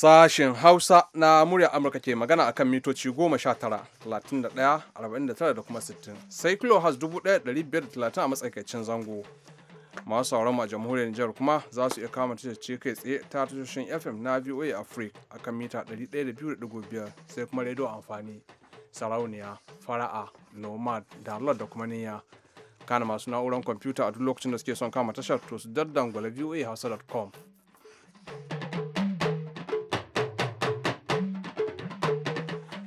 Sashen Hausa na murya Amurka ke magana a kan mitoci 19, 31, 49 da 60, sai has 1530 a matsakaicin zango. Masu sauran a jamhuriyar Nijar kuma za su iya kama tashar kai tsaye ta tashoshin FM na VOA Africa a kan mita 102.5 sai kuma rediyo amfani, sarauniya, fara'a, nomad, download da kuma niyya. Kana masu na'urar kwamfuta a duk lokacin da suke son kama tashar to su daddangwala voahausa.com.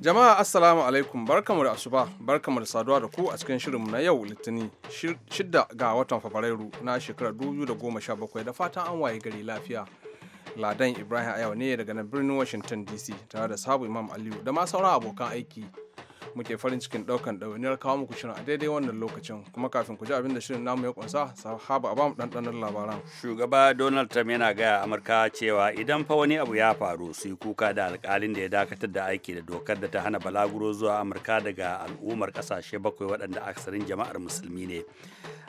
Jama'a Assalamu alaikum barkamu da asuba barkamu da saduwa da ku a cikin shirinmu na yau Litinin shidda ga watan Fabrairu na shekarar 2017 da fatan an waye gari lafiya. Ladan Ibrahim yau ne daga nan birnin Washington DC tare da sabu Imam Aliyu da ma sauran abokan aiki muke farin cikin daukan ɗawainiyar kawo muku shirin a daidai wannan lokacin kuma kafin ku ji abin da shirin namu ya kunsa sahaba a bamu ɗanɗanar labaran shugaba donald trump yana gaya amurka cewa idan fa wani abu ya faru su yi kuka da alkalin da ya dakatar da aiki da dokar da ta hana balaguro zuwa amurka daga al'ummar kasashe bakwai waɗanda aksarin jama'ar musulmi ne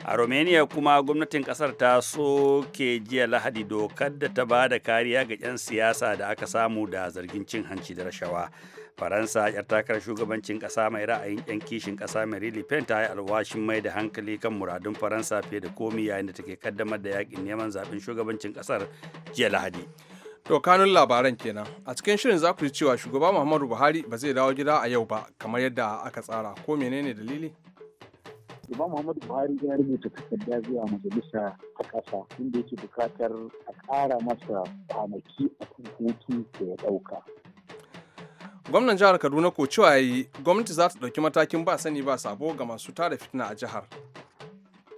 a romania kuma gwamnatin kasar ta soke jiya lahadi dokar da ta ba da kariya ga 'yan siyasa da aka samu da zargin cin hanci da rashawa faransa yar takarar shugabancin ƙasa mai ra'ayin yan kishin ƙasa marie pen ta yi alwashin mai da hankali kan muradun faransa fiye da komi yayin da take kaddamar da yakin neman zaɓen shugabancin ƙasar jiya lahadi To kanun labaran kenan a cikin shirin za ku ji cewa shugaba Muhammadu Buhari ba zai dawo gida a yau ba kamar yadda aka tsara ko menene dalili? Shugaba Muhammadu Buhari ya rubuta takarda zuwa majalisa ta ƙasa inda yake bukatar a ƙara masa kwanaki a kan hutu da ya ɗauka. gwamnan jihar kaduna ko cewa yi gwamnati za ta ɗauki matakin ba sani ba sabo ga masu tara fitina a jihar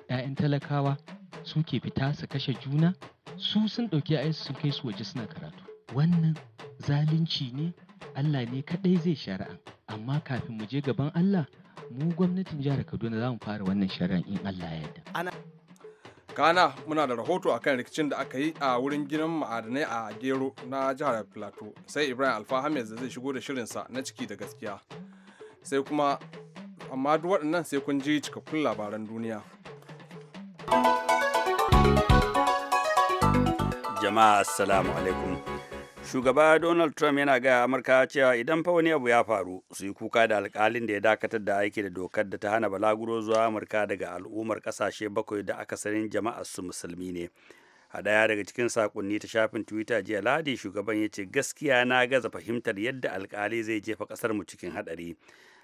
'ya'yan talakawa suke fita su kashe juna su sun ɗauki ayyuka sun kai su waje suna karatu wannan zalunci ne allah ne kaɗai zai shari'a amma kafin mu je gaban allah mu gwamnatin jihar kaduna za mu fara wannan shari'a in allah ya yarda kana muna da rahoto akan rikicin da aka yi a wurin ginin ma'adanai a gero na jihar plateau sai ibrahim alfahamed da zai shigo da shirinsa na ciki da gaskiya sai kuma amma duk waɗannan sai kun ji cikakkun labaran duniya jama'a assalamu alaikum shugaba donald trump yana gaya amurka cewa idan fa wani abu ya faru su yi kuka da alkalin da ya dakatar da aiki da dokar da ta hana balaguro zuwa amurka daga al'ummar kasashe bakwai da aka akasarin jama'ar su musulmi ne a daya daga cikin sakonni ta shafin twitter jiya ladi shugaban ya ce gaskiya na gaza fahimtar yadda alkali zai jefa kasar mu cikin hadari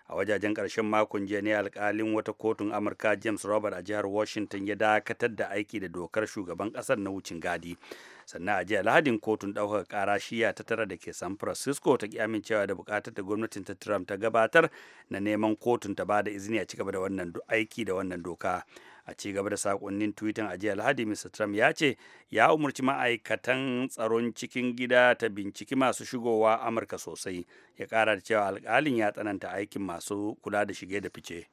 a wajajen karshen makon jiya ne alkalin wata kotun amurka james robert a jihar washington ya dakatar da aiki da dokar shugaban ƙasar na wucin gadi sannan a jiya lahadin kotun ɗaukar ƙara shiya ta tara da ke san francisco ta ki amincewa da buƙatar da gwamnatin ta trump ta gabatar na neman kotun ta bada da izini a cigaba da wannan aiki da wannan doka a ci da sakonnin twitter a jiya alhadi mr trump ya ce ya umarci ma'aikatan tsaron cikin gida ta binciki masu shigowa amurka sosai ya kara da cewa alkalin ya tsananta aikin masu kula da shige da fice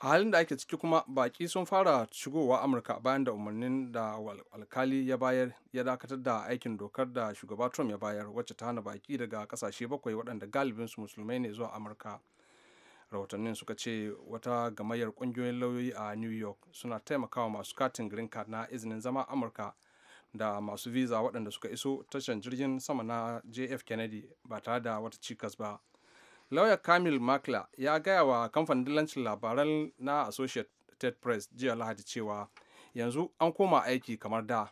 a halin da ake ciki kuma baki sun fara shigowa amurka bayan da umarnin da alkali ya bayar ya dakatar da aikin dokar da shugaba trump ya bayar wacce ta hana baki daga kasashe bakwai waɗanda galibinsu musulmai ne zuwa amurka rahotannin suka ce wata gamayyar kungiyoyin lauyoyi a new york suna taimakawa masu katin green card na izinin zama amurka da masu visa waɗanda suka iso tashar jirgin sama na jf kennedy ba tare da wata cikas ba lauya kamil makla ya gaya wa kamfanin dillancin labaran na associated press jiya lahadi cewa yanzu an koma aiki kamar da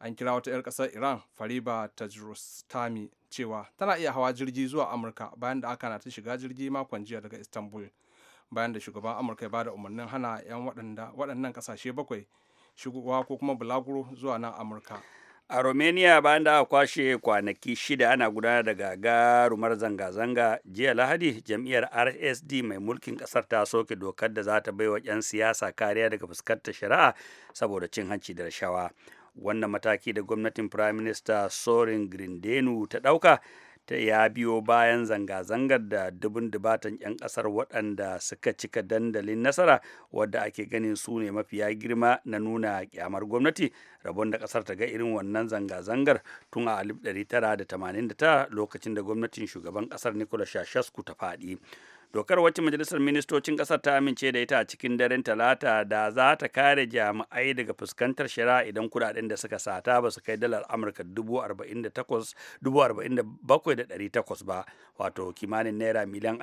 an kira wata 'yar ƙasar iran fariba tajrostami cewa tana iya hawa jirgi zuwa amurka bayan da aka na ta shiga jirgi makon jiya daga istanbul bayan da shugaban amurka ya bada umarnin hana 'yan waɗannan ƙasashe bakwai shigowa ko kuma bulaguro zuwa nan amurka a romania bayan da aka kwashe kwanaki shida ana gudanar da gagarumar zanga-zanga jiya lahadi jam'iyyar rsd mai mulkin kasar ta soke dokar da za ta wa 'yan siyasa kariya daga fuskantar shari'a saboda cin hanci da rashawa wannan mataki da gwamnatin prime minister sorin grindenu ta ɗauka ta ya biyo bayan zanga-zangar da dubun dubatan 'yan ƙasar waɗanda suka cika dandalin nasara wadda ake ganin su ne mafiya girma na nuna kyamar gwamnati rabon da ƙasar ta ga irin wannan zanga-zangar tun a 1989 lokacin da gwamnatin shugaban ƙasar nicolas shashasku ta faɗi. dokar wacce majalisar ministocin ƙasar ta amince da ita a cikin daren talata da za ta kare jami'ai daga fuskantar shari'a idan kudaden da suka sata ba su kai dalar amurka 47,800 ba wato kimanin naira miliyan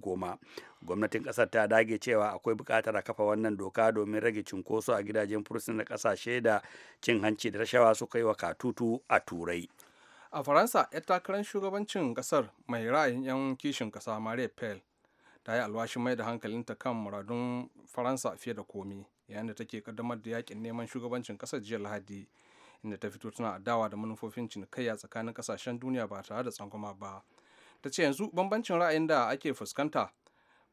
goma gwamnatin ƙasar ta dage cewa akwai buƙatar a kafa wannan doka domin rage cunkoso a gidajen fursunan ƙasashe da cin hanci da rashawa suka yi wa katutu a turai a faransa yar takarar shugabancin kasar mai ra'ayin 'yan kishin kasa marie pel ta yi alwashin mai da hankalinta kan muradun faransa fiye da komi yayin da take kaddamar da yakin neman shugabancin kasar jiya lahadi inda ta fito tana adawa da manufofin cinikayya tsakanin kasashen duniya ba tare da tsangwama ba ta ce yanzu bambancin ra'ayin da ake fuskanta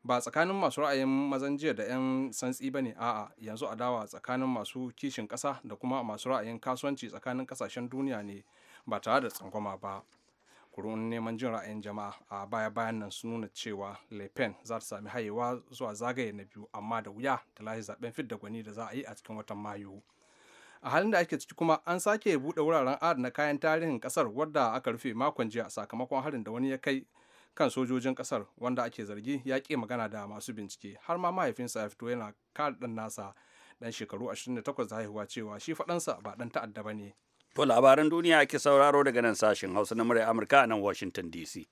ba tsakanin masu ra'ayin mazan jiya da 'yan santsi ba ne a'a yanzu adawa tsakanin masu kishin ƙasa da kuma masu ra'ayin kasuwanci tsakanin ƙasashen duniya ne ba tare da tsangwama ba kurun neman jin ra'ayin jama'a a baya bayan nan sun nuna cewa le pen za ta sami hayewa zuwa zagaye na biyu amma da wuya ta lahi zaben fidda gwani da za a yi a cikin watan mayu a halin da ake ciki kuma an sake buɗe wuraren adana kayan tarihin kasar wadda aka rufe makon jiya sakamakon harin da wani ya kai kan sojojin kasar wanda ake zargi ya ƙi magana da masu bincike har ma mahaifinsa ya fito yana kare ɗan nasa ɗan shekaru 28 da haihuwa cewa shi faɗansa ba ɗan ta'adda ba ne To labaran duniya ake sauraro daga nan sashen Hausa na murya Amurka a nan Washington DC.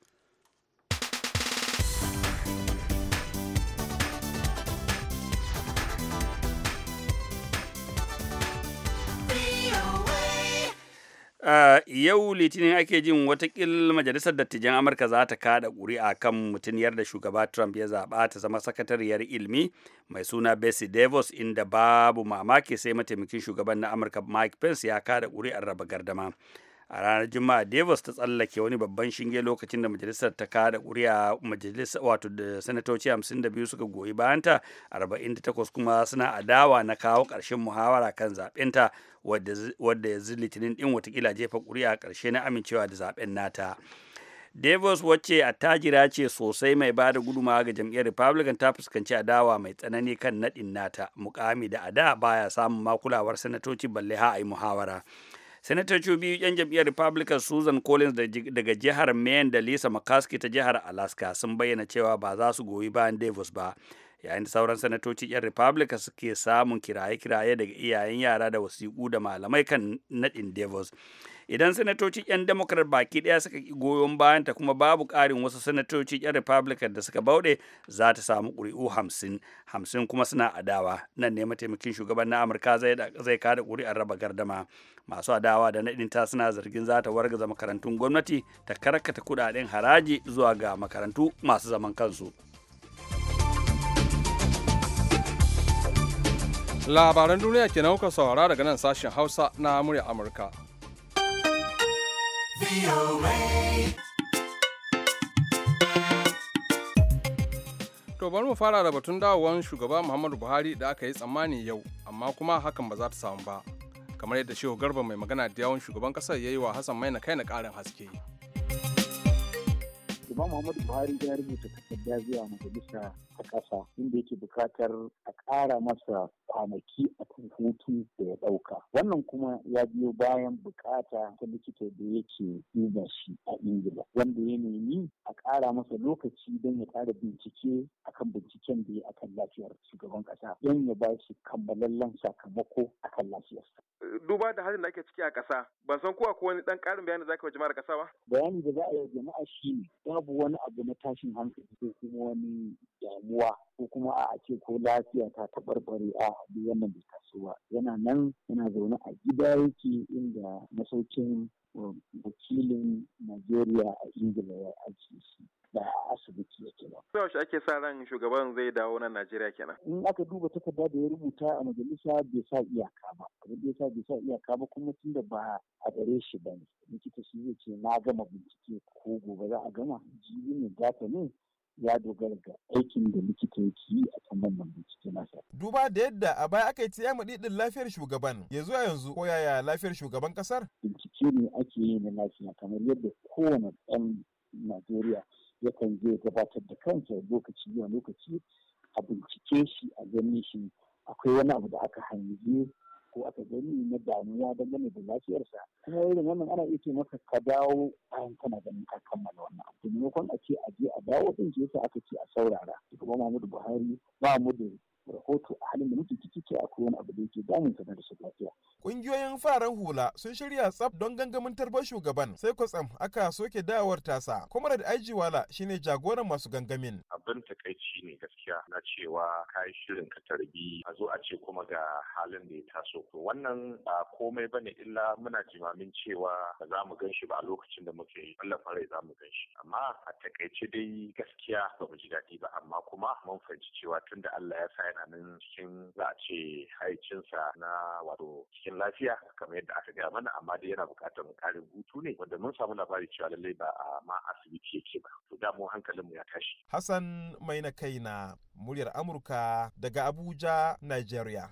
yau litinin ake jin watakil majalisar dattijan amurka za ta kada kuri'a kan mutuniyar da shugaba trump ya zaba ta zama sakatariyar ilmi mai suna bessie davis inda babu mamaki sai mataimakin shugaban na amurka mike pence ya kada kuri'ar raba gardama a ranar juma'a davis ta tsallake wani babban shinge lokacin da majalisar ta kada kuri'a majalisar wato da sanatoci 52 suka goyi bayanta 48 kuma suna adawa na kawo karshen muhawara kan zaɓenta wadda yanzu litinin din watakila jefa kuri'a karshe na amincewa da zaben nata Davos wacce attajira ce sosai mai ba da gudumawa ga jam'iyyar Republican ta fuskanci adawa mai tsanani kan naɗin nata mukami da ada baya samun makulawar sanatoci balle ha a yi muhawara. Sanatoci biyu 'yan jam'iyyar Republican Susan Collins daga jihar Maine da Lisa McCaskey ta jihar Alaska sun bayyana cewa ba za su goyi bayan Davos ba. yayin da sauran sanatoci 'yan republica suke samun kiraye-kiraye daga iyayen yara da wasiƙu da malamai kan naɗin devos idan sanatoci 'yan democrat baki ɗaya suka goyon bayanta kuma babu ƙarin wasu sanatoci 'yan republican da suka bauɗe za ta samu ƙuri'u hamsin hamsin kuma suna adawa nan ne mataimakin shugaban na amurka zai kada ƙuri'ar raba gardama masu adawa da naɗin ta suna zargin za ta wargaza makarantun gwamnati ta karkata kuɗaɗen haraji zuwa ga makarantu masu zaman kansu. labaran duniya ke nan kuka saurara daga nan sashen hausa na murya amurka to bari mu fara da batun dawowar shugaba muhammadu buhari da aka yi tsammani yau amma kuma hakan ba za ta samu ba kamar yadda shehu garba mai magana da yawon shugaban kasar ya yi wa hassan maina kai na karin haske Imam muhammadu buhari ya rubuta takarda zuwa majalisa ta ƙasa inda yake buƙatar a ƙara masa kwanaki a kan hutu da ya ɗauka wannan kuma ya biyo bayan bukata ta likita da yake duba shi a ingila wanda ya nemi a ƙara masa lokaci don ya ƙara bincike akan binciken da ya kan lafiyar shugaban ƙasa don ya ba shi kammalallen sakamako akan lafiyarsa duba da halin da ake ciki a ƙasa ban san kowa ko wani ɗan ƙarin bayani da zaka wa jama'ar ƙasa ba bayani da za a yi jama'a shi ne babu wani abu na tashin hankali ko kuma wani damuwa ko kuma a ce ko lafiya ta taɓarɓare a duk wannan bai yana nan yana zaune a gida yake inda masaukin um, wakilin Najeriya a Ingila ya aiki shi da asibiti yake ba. Sai yaushe ake sa ran shugaban zai dawo nan Najeriya kenan. In aka duba takarda da ya rubuta a majalisa bai sa iyaka ba. Abin da ya sa bai sa iyaka ba kuma tunda ba a gare shi ba ne. Likita shi zai ce na gama bincike ko ko gobe za a gama jini ne data ne ya dogara ga aikin da likita yake yi a kan wannan bincike nasa. Duba da yadda a baya aka yi ta yamma ɗin lafiyar shugaban ya zuwa yanzu ko yaya lafiyar shugaban ƙasar? Bincike ne ake yi na lafiya kamar yadda kowane ɗan Najeriya yakan je gabatar da kansa lokaci zuwa lokaci a bincike shi a ganin shi akwai wani abu da aka hangi ko aka gani na damuwa gane da lafiyarsa kuma irin wannan ana iya ce maka ka dawo bayan kana ganin ka kammala wannan abu maimakon a ce a je a dawo din ce yasa aka ce a saurara kuma Muhammadu Buhari ba mu rahoto a halin da muke ciki ke akwai wani abu da yake damun sa da lafiya. Ƙungiyoyin fararen hula sun shirya tsaf don gangamin tarbar shugaban sai kwatsam aka soke dawowar tasa. Comrade Ajiwala shine jagoran masu gangamin. Abin takaici ne gaskiya na cewa yi shirin ka tarbi a zo a ce kuma ga halin da ya taso. Wannan ba komai bane illa muna jimamin cewa ba za mu gan shi ba a lokacin da muke wallafa rai za mu gan shi. Amma a takaice dai gaskiya ba mu ji daɗi ba amma kuma mun fahimci cewa tunda Allah ya sa tunanin cikin za a ce haicinsa na wato cikin lafiya kamar yadda aka gaya mana amma dai yana buƙatar ƙarin hutu ne wanda mun samu labari cewa lallai ba a ma asibiti yake ba to da mu hankalinmu ya tashi. Hassan mai na kaina muryar Amurka daga Abuja, Nigeria.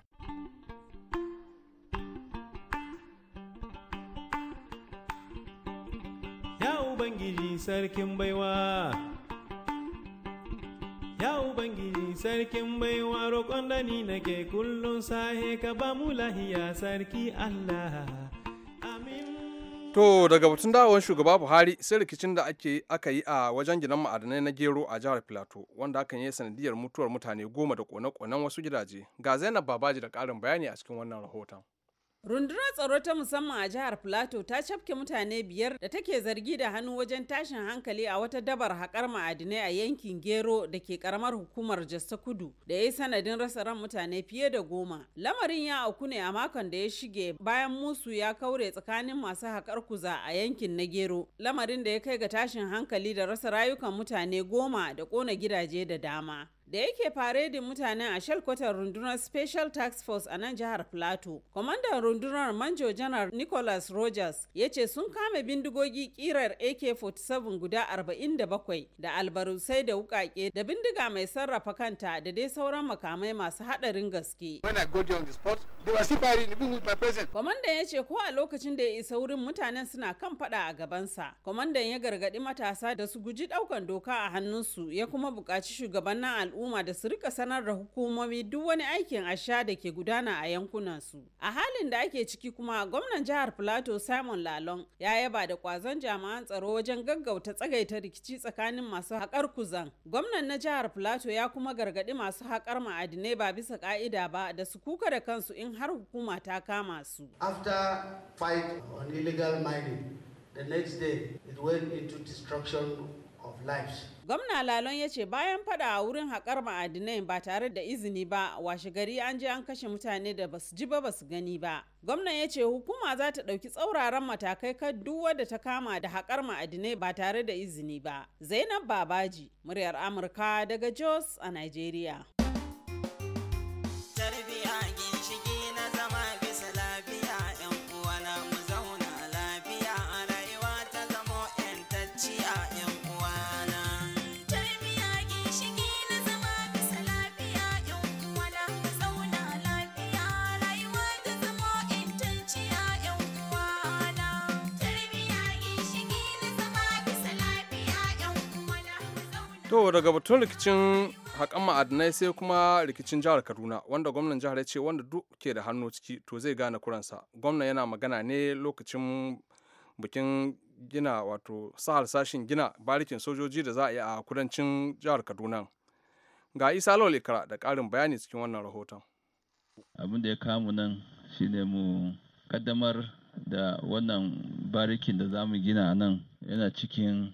Ya Ubangiji sarkin baiwa. Ya Ubangiji sarkin baiwa roƙon da nake kullum sahe ka ba mu lahiya sarki Allah. amin. To daga batun dawowar shugaba Buhari sai rikicin da ake aka yi a wajen gidan ma'adanai na gero a jihar Filato wanda hakan yi sanadiyar mutuwar mutane goma da kone-konen wasu gidaje. Ga Zainab Babaji da ƙarin bayani a cikin wannan rahoton. Rundunar tsaro ta musamman a jihar Plateau ta cafke mutane biyar da take zargi da hannu wajen tashin hankali a wata dabar haƙar ma'adinai a yankin Gero da ke karamar hukumar Jasta Kudu da ya yi sanadin rasa ran mutane fiye da goma. Lamarin ya auku ne a makon da ya shige bayan musu ya kaure tsakanin masu haƙar kuza a yankin na Gero. Lamarin da ya kai ga tashin hankali da rasa rayukan mutane goma da ƙona gidaje da dama. da yake faredin mutanen a shalkwatar rundunar special task force a nan jihar plateau kwamandan rundunar manjo janar nicholas rogers ya ce sun kame bindigogi kirar ak-47 guda 47 da albarusai da wukake da bindiga mai sarrafa kanta da dai sauran makamai masu hadarin gaske kwamandan ya ce ko a lokacin da ya isa wurin mutanen suna kan fada a gabansa kwamandan ya gargadi matasa da su guji daukan doka a hannunsu ya kuma buƙaci shugabannin al'umma al'umma da su rika sanar da hukumomi duk wani aikin asha da ke gudana a yankunan su. A halin da ake ciki kuma gwamnan jihar Plateau Simon Lalong ya yaba da kwazon jami'an tsaro wajen gaggauta tsagaita rikici tsakanin masu haƙar kuzan. Gwamnan na jihar Plateau ya kuma gargaɗi masu haƙar ma'adinai ba bisa ƙa'ida ba da su kuka da kansu in har hukuma ta kama su. After fight on illegal mining, the next day it went into destruction of lives. Gwamna Lalon ya ce bayan fada a wurin haƙar ma'adinai ba tare da izini ba washe gari an je an kashe mutane da basu ji ba basu gani ba. Gwamna ya ce hukuma za ta ɗauki tsauraran matakai kan duk wadda ta kama da haƙar ma'adinai ba tare da izini ba. Zainab Babaji, muryar Amurka daga Jos a Nigeria. To daga batun rikicin haƙan ma'adinai sai kuma rikicin jihar Kaduna wanda gwamnan jihar ya ce wanda duk ke da hannu ciki to zai gane kuransa. Gwamnan yana magana ne lokacin bikin gina wato sahar sashin gina barikin sojoji da za a yi a kudancin jihar Kaduna. Ga Isa Lawal da ƙarin bayani cikin wannan rahoton. Abin da ya kamu nan shine mu kaddamar da wannan barikin da za mu gina nan yana cikin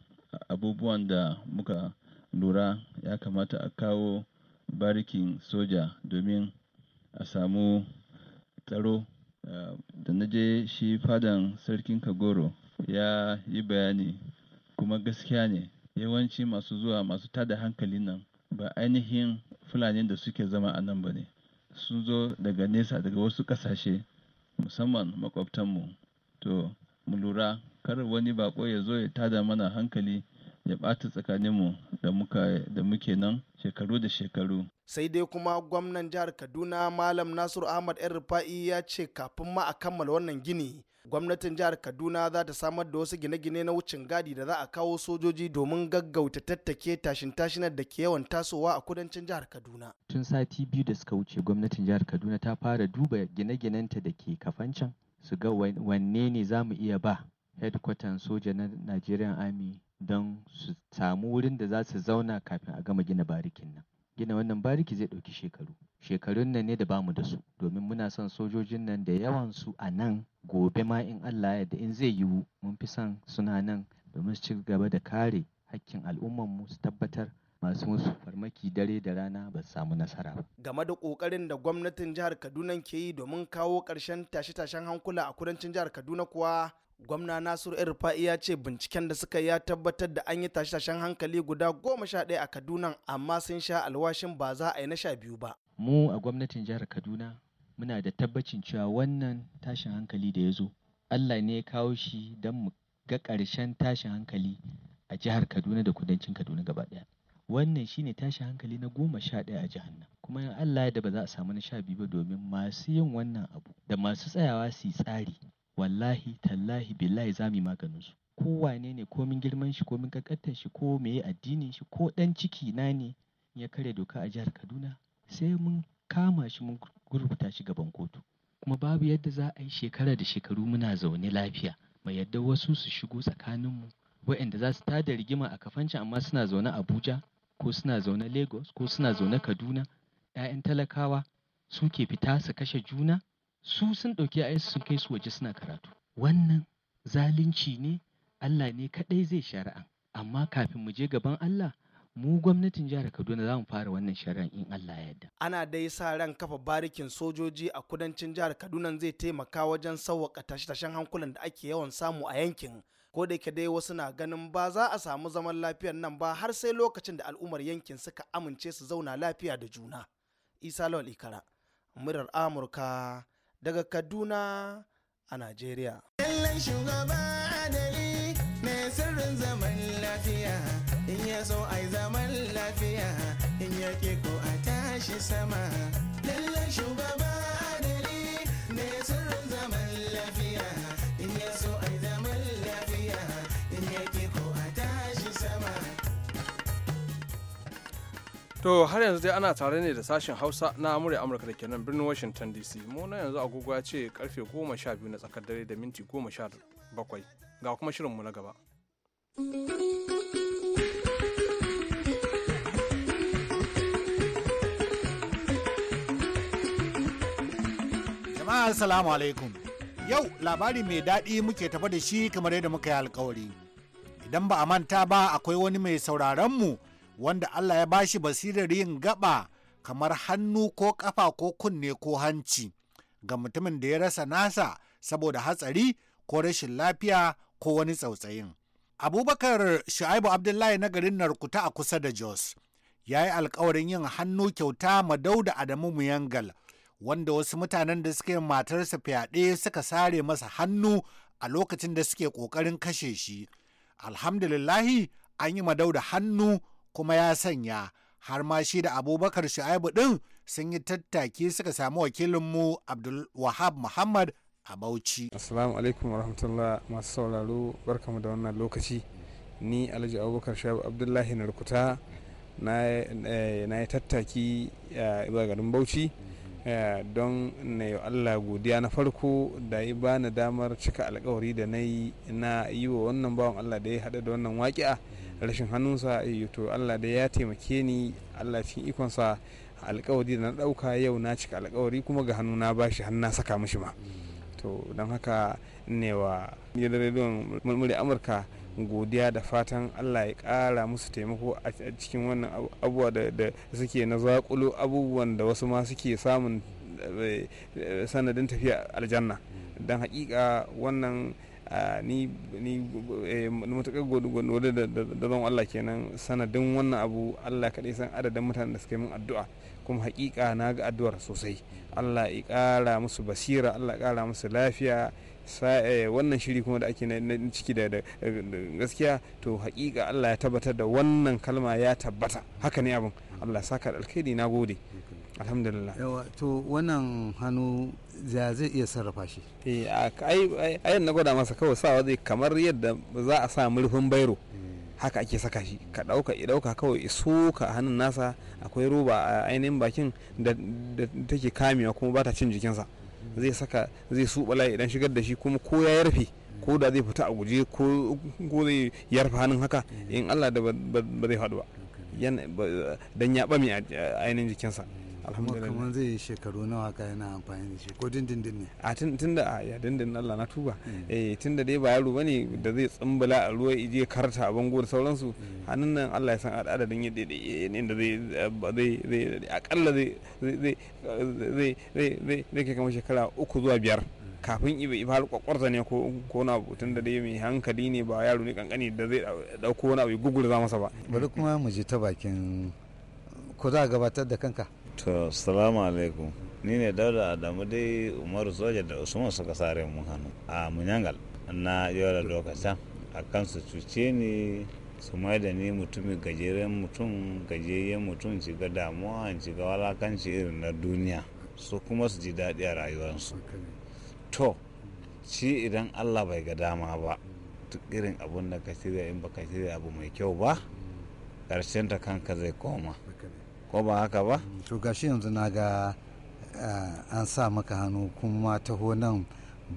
abubuwan da muka lura ya kamata a kawo barikin soja domin a samu tsaro. Da na je shi fadan sarkin Kagoro ya yi bayani kuma gaskiya ne yawanci masu zuwa masu tada hankali nan ba ainihin fulani da suke zama a nan ba ne. Sun zo daga nesa daga wasu ƙasashe musamman mu To mu lura kar wani bako ya zo ya tada mana hankali ya ɓata tsakaninmu. da muka da muke nan shekaru da shekaru. Sai dai kuma gwamnan jihar Kaduna Malam Nasiru Ahmad ‘yan Rufa'i ya ce kafin ma a kammala wannan gini, gwamnatin jihar Kaduna za ta samar da wasu gine-gine na wucin gadi da za a kawo sojoji domin gaggauta tattake tashin-tashinar da ke yawan tasowa a kudancin jihar Kaduna. Tun sati biyu da suka wuce gwamnatin jihar Kaduna ta fara duba gine-ginenta da ke kafancan su ga wanne ne za mu iya ba hedkwatan soja na Nigerian Army don su samu wurin da za su zauna kafin a gama gina barikin nan. Gina wannan bariki zai ɗauki shekaru. Shekarun nan ne da bamu da su domin muna son sojojin nan da yawan su a nan gobe ma in Allah ya da in zai yiwu mun fi son suna nan domin su ci gaba da kare hakkin al'ummarmu su tabbatar masu musu farmaki dare da rana ba su samu nasara ba. Game da ƙoƙarin da gwamnatin jihar Kaduna ke yi domin kawo ƙarshen tashe-tashen hankula a kudancin jihar Kaduna kuwa gwamna nasiru yan ya ce binciken da suka ya tabbatar da an yi tashe-tashen hankali guda goma sha ɗaya a kaduna amma sun sha alwashin ba za a yi na sha biyu ba mu a gwamnatin jihar kaduna muna da tabbacin cewa wannan tashin hankali da ya zo allah ne ya kawo shi don mu ga ƙarshen tashin hankali a jihar kaduna da kudancin kaduna gaba ɗaya wannan shine tashin hankali na goma sha ɗaya a jihar nan kuma in allah da ba za a samu na sha biyu ba domin masu yin wannan abu da masu tsayawa su yi tsari wallahi tallahi billahi za mu yi maganin su ko wane ne komin girman shi komin kakkantar shi ko meye addinin shi ko dan ciki na ne ya karya doka a jihar Kaduna sai mun kama shi mun gurbuta shi gaban kotu kuma babu yadda za a yi shekara da shekaru muna zaune lafiya mai yadda wasu su shigo tsakaninmu waɗanda za su tada rigima a kafanci amma suna zaune Abuja ko suna zaune Lagos ko suna zaune Kaduna 'ya'yan talakawa suke fita su kashe juna su sun ɗauki ya'yansu sun kai su waje suna karatu wannan zalunci ne Allah ne kaɗai zai shari'a amma kafin mu je gaban Allah mu gwamnatin jihar Kaduna za mu fara wannan shari'a in Allah ya yarda. Ana dai sa ran kafa barikin sojoji a kudancin jihar Kaduna zai taimaka wajen sauwaka tashe-tashen hankulan da ake yawan samu a yankin. Ko da yake dai wasu na ganin ba za a samu zaman lafiyar nan ba har sai lokacin da al'ummar yankin suka amince su zauna lafiya da juna. Isa Lawal Ikara, Murar Amurka, daga Kaduna a Najeriya. Lallai shugaba adali mai sirrin zaman lafiya in ya so ai zaman lafiya in ya ko a tashi sama. To har yanzu dai ana tare ne da sashen Hausa na murya Amurka da kenan birnin Washington DC. Mu na yanzu agogo ya ce karfe 12 na tsakar dare da minti 17. Ga kuma shirinmu na gaba. Jama'a Assalamu alaikum. Yau labari mai daɗi muke tafa da shi kamar yadda muka yi alkawari. Idan ba a manta ba akwai wani mai sauraronmu mu wanda Allah ya bashi basirar yin gaba kamar hannu ko ƙafa ko kunne ko hanci ga mutumin da ya rasa nasa saboda hatsari ko rashin lafiya ko wani tsautsayin. Abubakar Shu'aibu Abdullahi na garin Narkuta a kusa da Jos ya yi alkawarin yin hannu kyauta ma Dauda Adamu Muyangal wanda wasu mutanen da suke matarsa fyaɗe suka sare masa hannu a lokacin da suke ƙoƙarin kashe shi. Alhamdulillahi an yi ma Dauda hannu kuma ya sanya har ma shi da abubakar shu'aibu ɗin sun yi tattaki suka samu wakilinmu abdulwahab muhammad a bauchi assalamu alaikum warahmatullah masu sauraro barkamu da wannan lokaci ni alhaji abubakar shu'aibu abdullahi narkuta na eh, yi tattaki eh, a garin bauchi eh, don na yi allah godiya na farko da ya bani damar cika alkawari da na yi na yi wa wannan bawan allah da ya haɗa da wannan waƙi'a rashin hannunsa eh, to allah da ya taimake ni allah cikin ikonsa alkawari na ɗauka yau na cika alkawari kuma ga hannu na bashi hannu na saka mishi ma to don haka ne wa gidan rediyon mulmuli amurka godiya da fatan allah ya ƙara musu taimako a cikin wannan abubuwa da suke na zaƙulo abubuwan da wasu ma suke samun eh, sanadin tafiya aljanna don haƙiƙa wannan ni ni eh, matuƙar gwado da zan Allah kenan sanadin wannan abu Allah kaɗai san adadin mutanen da suka yi min addu'a kuma haƙiƙa na ga addu'ar sosai Allah ya ƙara musu basira Allah ya ƙara musu lafiya eh, wannan shiri kuma da ake na ciki da gaskiya to haƙiƙa Allah ya tabbatar da wannan kalma ya tabbata haka ne abin Allah saka da alkhairi na gode alhamdulillah yawa to wannan hannu za zai iya sarrafa shi eh ai na gwada masa kawai sawa zai kamar yadda za a sa murfin bairo hmm. haka ake saka shi ka dauka ya dauka kawai iso ka hannun nasa akwai roba a ainihin bakin da take kamewa kuma bata cin jikinsa hmm. zai saka zai subala idan shigar da shi kuma ko ya yarfe ko da zai fita a guje ko zai yarfe hannun haka hmm. in Allah da ba zai faɗu ba dan ya a ainihin jikinsa alhamdulillah kuma zai yi shekaru nawa ka yana amfani da shi ko dindindin ne a tun da a ya dindindin Allah na tuba hmm. eh tun da dai ba yaro bane da zai tsumbula a ruwa ije karta a bango da sauransu hmm. hannun nan Allah ya san adadin yadda inda zai zai zai akalla zai zai zai zai zai kai kamar shekara uku zuwa biyar hmm. kafin ibe ibe har kwakwarta ne ko ko na tun da dai mai hankali ne ba yaro ne kankani da zai dauko wani abu gugurza masa ba bari kuma mu je ta bakin ko za a gabatar da kanka to salamu alaikum ni ne dauda adamu dai umaru soja da usman suka sare mun hannu a munyangal na yau da lokacin a kan su cuce ni su mai da ni mutumin gajeren mutum gajeren mutum shiga damuwa ci ga walakanci irin na duniya su kuma su ji daɗi a rayuwarsu to ci idan allah bai ga dama ba duk irin abun da ka shirya in ba ka shirya abu mai kyau ba ƙarshen ta kanka zai koma ko ba haka ba mm, to gashi yanzu na ga eh, an sa maka hannu kuma taho nan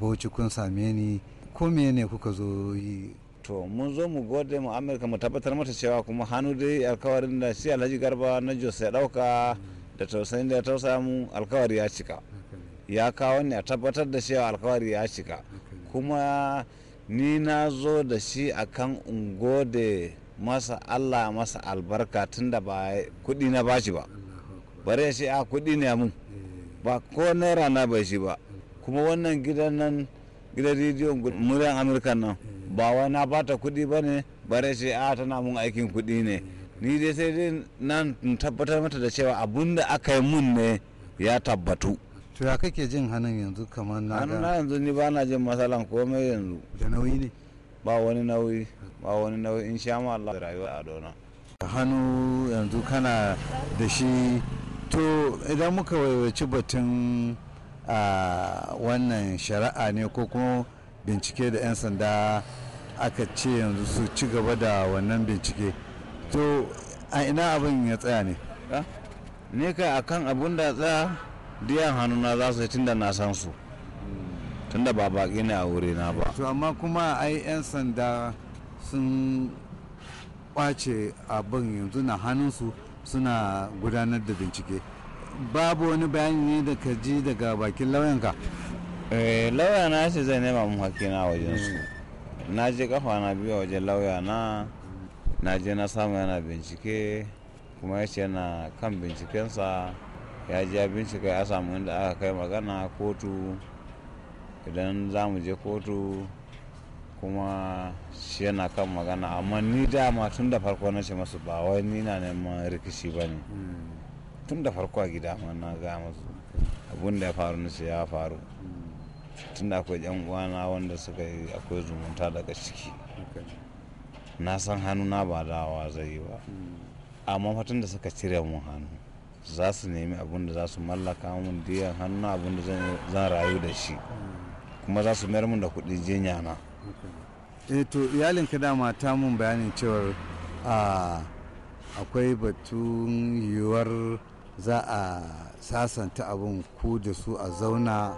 bauchi kun same ni ko ne kuka zo yi to mun zo mu gode mu amurka mu tabbatar mata cewa kuma hannu dai alkawarin da shi alhaji garba na jos ya dauka da tausayin da ya tausaya mu alkawari ya cika ya kawo ne a tabbatar da cewa alkawari ya cika kuma ni na zo da shi akan ungode masa allah masa albarka tun da ba kuɗi na bashi ba bare ya a ah, kuɗi ne mun ba ko naira na bai shi ba kuma wannan gidan nan gidan rediyon muryan amurka nan ba wai na bata kuɗi ba ne bare shi a ah, tana mun aikin kuɗi ne ni dai sai dai nan tabbatar mata da cewa abun da aka yi mun ne ya tabbatu to ya kake jin hannun yanzu kamar na ga hannun yanzu ni ba na jin matsalan komai yanzu da nauyi ne ba wani nauyi ba wani nauyi in sha ma Allah rayuwa a dona hannu yanzu kana da shi to idan muka waiwaci batun a wannan shari'a ne ko kuma bincike da 'yan sanda aka ce yanzu su ci gaba da wannan bincike to a ina abin ya tsaya ne ne kai akan abun da tsaya diyan hannuna za su yi tun na san su tunda ba baki ne a wuri na ba to amma kuma ai 'yan sanda sun kwace abin yanzu na hannunsu suna gudanar da bincike babu wani bayani ne da ka ji daga bakin lauyanka eh, lauya na shi zai nema mun na wajen su hmm. na je kafa na biyu wajen lauya na na je na samu yana bincike kuma ya ce na kan bincikensa ya je ya bincika ya samu inda aka kai magana kotu idan za mu je kotu kuma shi yana kan magana amma ni dama tun da farko na ce masu ba wai ni na neman rikici ba ne tun da farko a gida ma na ga masu abun da ya faru na ce ya faru tun da akwai yan uwana wanda suka yi akwai zumunta daga ciki na san hannu na ba dawa zai yi ba amma fatan da suka cire mun hannu za su nemi abun da za su mallaka mun diyan hannu abun da zan rayu da shi kuma za su mayar mun da kudin jinya na eh to iyalinka dama ta mun bayanin cewar akwai batun yiwuwar za a sasanta abin ko da su a zauna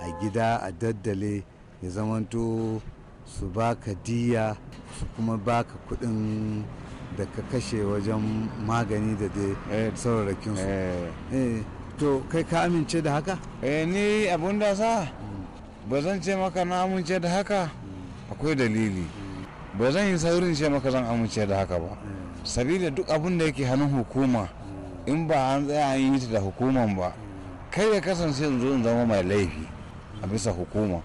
a gida a daddale ya zamanto su baka diya su kuma baka kuɗin da ka kashe wajen magani da dai eh, saurakin su eh. eh, to kai ka amince da haka? ni abun da sa mm. ba zan ce maka na amince da haka akwai dalili ba zan yi saurin ce maka zan amince da haka ba sabida duk abin da yake hannun hukuma in ba an tsaya an yi da hukuman ba kai ya kasance in zo in zama mai laifi a bisa hukuma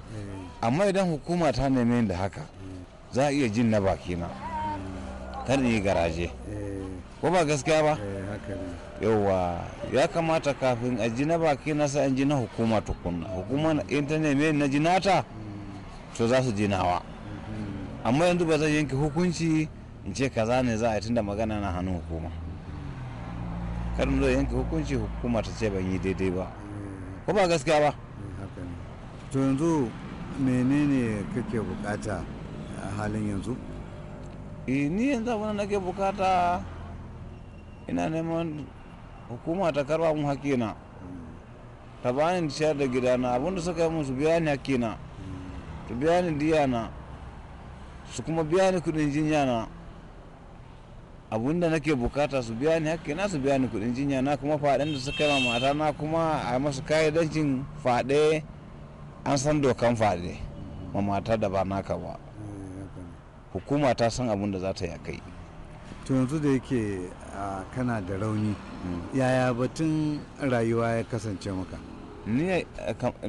amma idan hukuma ta neme da haka za a iya jin na bakina kar in yi garaje ko ba gaskiya ba eh, yauwa ya kamata kafin a ji na baki na sa an ji na hukuma tukunna hukuma na mm. intanet mai na ji nata mm. to za su ji nawa mm-hmm. amma yanzu ba zan yanke hukunci in ce kaza ne za a yi tunda magana na hannun hukuma mm-hmm. kar mu yanke hukunci hukuma ta ce ban yi daidai ba eh. ko ba gaskiya ba eh, to yanzu menene kake bukata a halin yanzu ni yanzu abin da nake bukata ina neman hukuma ta karba mu hakina ta bani ciyar da gidana abinda suka yi musu biya ni hakina ta biya ni diyana su kuma biya ni kudin jinya na abinda nake bukata su biya ni hakina su biya ni kudin jinya na kuma faɗin da suka yi ma mata na kuma a masu ka'idancin faɗe an san dokan faɗe ma mata da ba naka ba eh, hukuma ta san abin da za ta yi kai tunzu yanzu da yake kana da rauni hmm. yaya batun rayuwa ya kasance maka ni eh,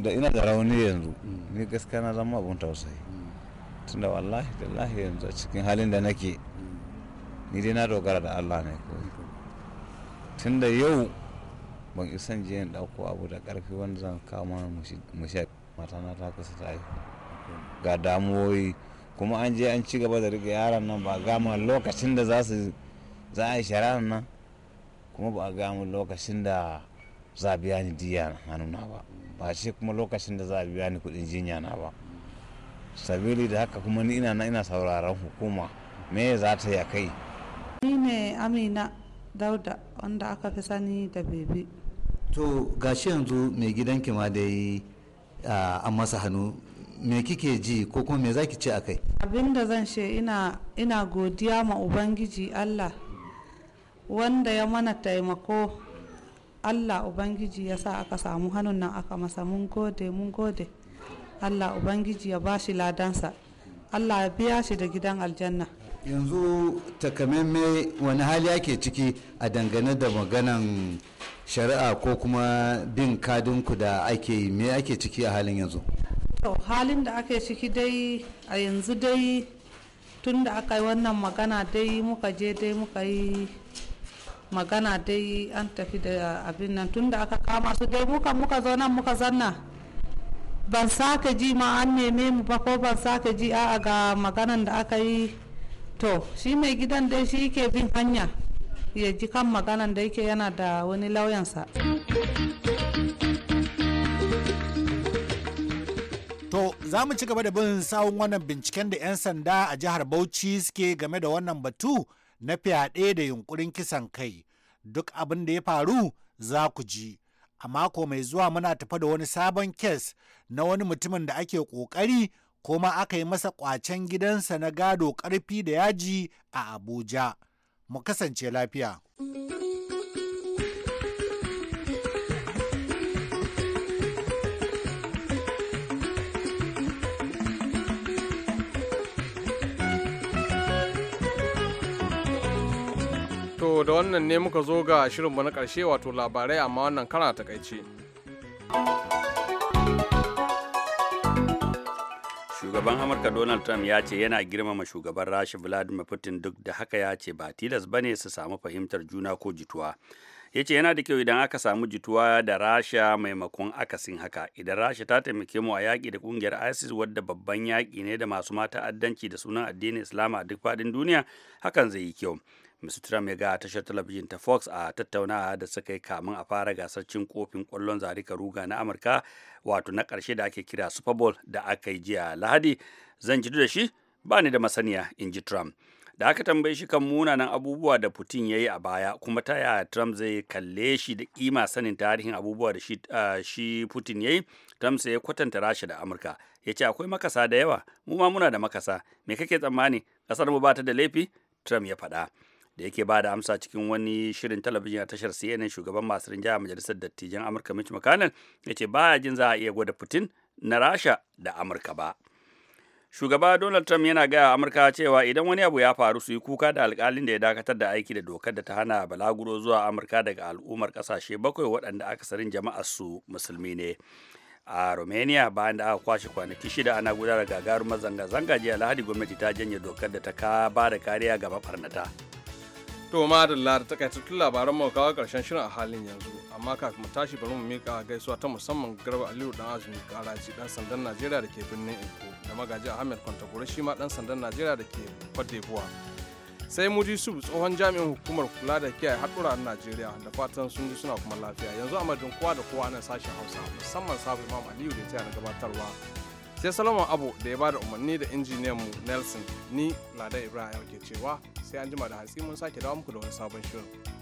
da ina da rauni yanzu hmm. ni gaskiya na zama abun tausayi hmm. tunda wallahi da lahi yanzu a cikin halin da nake ni dai na dogara da Allah ne tunda yau ban isan je in dauko abu da karfi wanda zan kama mu sha mata na ta kusa ta yi ga damuwoyi kuma an je an ci gaba da riga yaran nan ba gama lokacin da za su za a yi shari'ar nan kuma ba a ga mun lokacin da za a biya ni diya hannuna ba ba ce kuma lokacin da za a biya ni kudin jinya na ba sabili da haka kuma ni ina ina sauraron hukuma me za ta ya kai ni ne amina dauda wanda aka fi sani da bebe to ga shi yanzu mai gidanki ma dai an masa hannu me kike ji ko kuma me za ki ce a kai abinda zan ce ina godiya ma ubangiji allah wanda ya mana taimako allah ubangiji ya sa aka samu hannun nan aka masa mun gode mun gode allah ubangiji ya ba shi ladansa allah ya biya shi da gidan aljanna yanzu takamaimai wani hali ake ciki a dangane da maganan shari'a ko kuma bin kadinku da ake yi me ake ciki a halin yanzu to halin da ake ciki dai a yanzu dai tun da aka yi wannan magana dai muka je dai muka yi magana dai an tafi da abin nan tunda aka kama su dai muka muka zo nan muka zanna ban sake ji ma an neme mu ba ko ban sake ji a ga maganan da aka yi to shi mai gidan dai shi ke bin hanya ya ji kan maganan da yake yana da wani lauyansa To za mu ci gaba da bin sawun wannan binciken da 'yan sanda a jihar Bauchi suke game da wannan batu na fyaɗe da yunkurin kisan kai duk abin da ya faru za ku ji a mako mai zuwa muna tafa da wani sabon kes na wani mutumin da ake ƙoƙari ko ma aka yi masa ƙwacen gidansa na gado ƙarfi da yaji a abuja mu kasance lafiya. da wannan ne muka zo ga shirinmu na karshe wato labarai amma wannan kara takaice. shugaban amurka donald trump ya ce yana girmama shugaban rasha vladimir putin duk da haka ya ce ba tilas ba ne su samu fahimtar juna ko jituwa ya ce yana da kyau idan aka samu jituwa da rasha maimakon akasin haka idan rasha ta taimake mu a yaƙi da ƙungiyar isis wadda babban yaƙi ne da masu mata addanci da sunan addinin islam a duk faɗin duniya hakan zai yi kyau Mr. Trump ya ga tashar talabijin ta Fox a tattaunawa da suka yi kamun a fara gasar cin kofin kwallon zarika ruga na Amurka wato na ƙarshe da ake kira Super Bowl da aka yi jiya Lahadi. Zan ji da shi ba ni da masaniya in ji Trump. Da aka tambaye shi kan munanan abubuwa da Putin ya yi a baya kuma ta yaya Trump zai kalle shi da kima sanin tarihin abubuwa da shi, Putin ya yi, Trump sai ya kwatanta Rasha da Amurka. Ya ce akwai makasa da yawa, mu ma muna da makasa, me kake tsammani? Ƙasar mu bata da laifi? Trump ya faɗa. da yake ba da amsa cikin wani shirin talabijin a tashar CNN shugaban masu rinjaya a majalisar dattijan Amurka Mitch McConnell ya ce baya jin za a iya gwada Putin na Rasha da Amurka ba. Shugaba Donald Trump yana gaya Amurka cewa idan wani abu ya faru su yi kuka da alkalin da ya dakatar da aiki da dokar da ta hana balaguro zuwa Amurka daga al'ummar kasashe bakwai waɗanda akasarin jama'ar su musulmi ne. a romania bayan da aka kwashe kwanaki shida ana gudanar gagarumar zanga-zanga jiya lahadi gwamnati ta janye dokar da ta ba da kariya ga mafarnata. to madalla da takaitattun labaran mu kawo karshen shirin a halin yanzu amma kafin mu tashi bari mu mika gaisuwa ta musamman garba aliyu dan azumi karaci dan sandan najeriya da ke birnin eko da magaji ahmed kwantagoro shi ma dan sandan najeriya da ke fadebuwa sai muji su tsohon jami'in hukumar kula da kiyaye haɗura a najeriya da fatan sun ji suna kuma lafiya yanzu a madadin kowa da kowa na sashen hausa musamman sabu imam aliyu da ya na gabatarwa sai salomon abu da ya bada umarni da injiniyan mu nelson ni ladan ibrahim ke cewa sai anjima da hatsi mun sake dawo muku da wani sabon shirin.